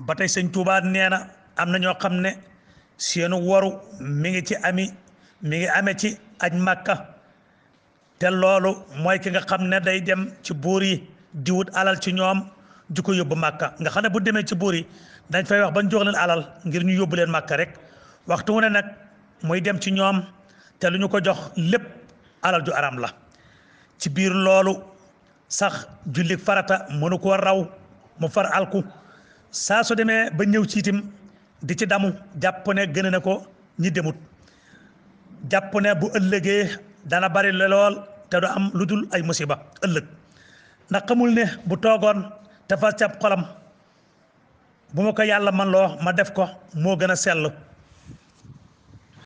ba tey sëñ Tuubaa nee na am na ñoo xam ne seenu waru mi ngi ci ami mi ngi amee ci aj makka te loolu mooy ki nga xam ne day dem ci buur yi di alal ci ñoom di ko yóbbu màkka nga xam ne bu demee ci buur yi dañ fay wax bañ jox leen alal ngir ñu yóbbu leen màkka rek waxtu wu nag muy dem ci ñoom te lu ñu ko jox lépp alal ju aram la ci biir loolu sax julli farata mënu koo raw mu far alku saa su demee ba ñëw ci itam di ci damu jàpp ne gëne na ko ñi demut jàpp ne bu ëllëgee dana bari la lool te du am lu dul ay musiba ëllëg ndax xamul ne bu toogoon te fa cab xolam bu ma ko yàlla manloo ma def ko moo gën a sell